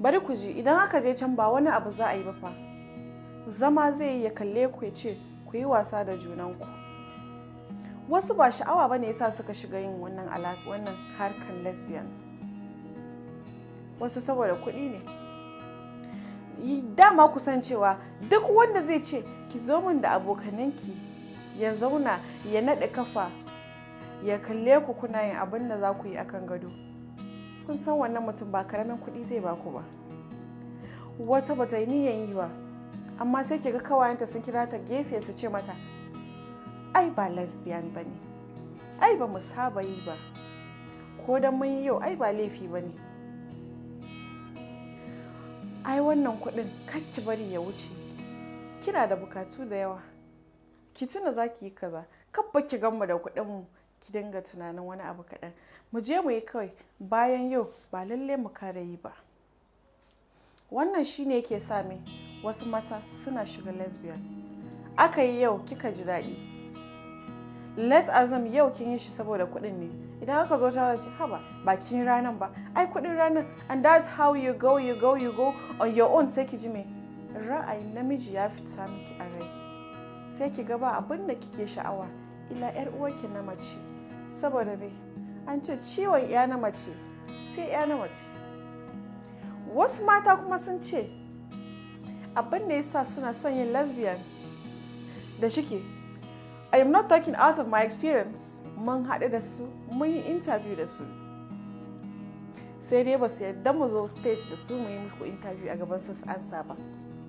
bari ku ji idan aka je can ba wani abu za a yi ba fa zama zai yi ya kalle ku ya ce ku yi wasa da junanku wasu ba sha'awa ba ne yasa suka shiga yin wannan wannan harkan lesbian wasu saboda kuɗi ne dama kusan cewa duk wanda zai ce ki zo min da abokananki ya zauna ya naɗa kafa ya kalle ku kuna yin abin da za ku yi akan gado kun san wannan mutum ba karamin kuɗi zai baku ba wata ba ta yi niyan yi ba amma sai ki ga kawayenta sun kira ta gefe su ce mata ai ba lesbian ba ne ai ba mu saba yi ba ko don mun yi yau ai ba laifi ba ne ai wannan kuɗin ki bari ya wuce kina da bukatu da yawa ki tuna za ki yi kaza kabba ki gamu da kuɗinmu ki dinga tunanin wani abu kaɗan mu je mu yi kawai bayan yau ba lalle mu kare yi ba wannan shine yake sa me wasu mata suna shiga lesbian aka yi yau kika ji daɗi let azam yau kin yi shi saboda kuɗin ne idan aka zo ta ce haba kin ranan ba ai kuɗin ranan and that's how you go you go you go on your own sai ki ji me ra'ayin namiji ya fita miki a rai sai ki ga ba abin da kike sha'awa Ila 'yar uwarki na mace saboda bai an ce ciwon ya na mace sai ya na mace wasu mata kuma sun ce abin da sa suna son yin lesbian da shike i am not talking out of my experience mun haɗu da su mun yi interview da su sai dai ba su yadda mu zo stage da su mu yi musu interview a gaban sassa ba